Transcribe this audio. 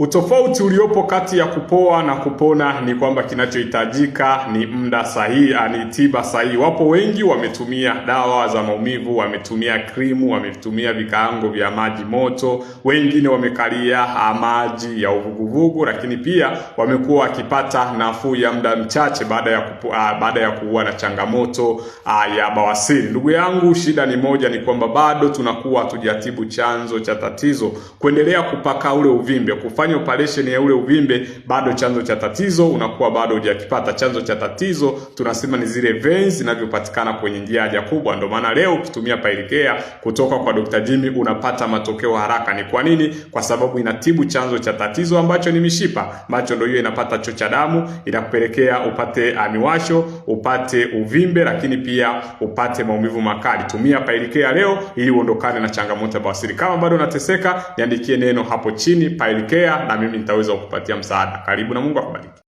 Utofauti uliopo kati ya kupoa na kupona ni kwamba kinachohitajika ni muda sahihi, ani ah, tiba sahihi. Wapo wengi wametumia dawa za maumivu, wametumia krimu, wametumia vikaango vya maji moto, wengine wamekalia ah, maji ya uvuguvugu, lakini pia wamekuwa wakipata nafuu ya muda mchache baada ya a, ah, baada ya kuua na changamoto ya bawasiri. Ndugu yangu, shida ni moja, ni kwamba bado tunakuwa hatujatibu chanzo cha tatizo, kuendelea kupaka ule uvimbe kufanya ukifanya operation ya ule uvimbe, bado chanzo cha tatizo unakuwa bado hujakipata. Chanzo cha tatizo tunasema ni zile veins zinavyopatikana kwenye njia haja kubwa. Ndio maana leo ukitumia Pailikea kutoka kwa Dr. Jimmy unapata matokeo haraka. Ni kwa nini? Kwa sababu inatibu chanzo cha tatizo ambacho ni mishipa, ambacho ndio hiyo inapata chocha damu, inakupelekea upate amiwasho, ah, upate uvimbe, lakini pia upate maumivu makali. Tumia Pailikea leo ili uondokane na changamoto ya bawasiri. Kama bado unateseka, niandikie neno hapo chini Pailikea, na mimi nitaweza kukupatia msaada. Karibu na Mungu akubariki.